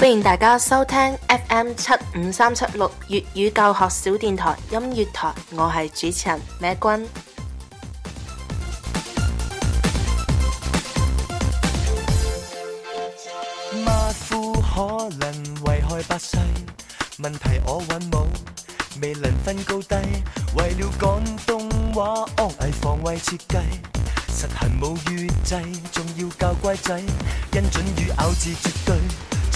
歡迎大家收聽 FM 七五三七六粵語教學小電台音樂台，我係主持人咩君。馬虎可能危害百世，問題我韻母，未能分高低。為了廣東話，係防衛設計，實行母語制，仲要教乖仔，音準與咬字絕對。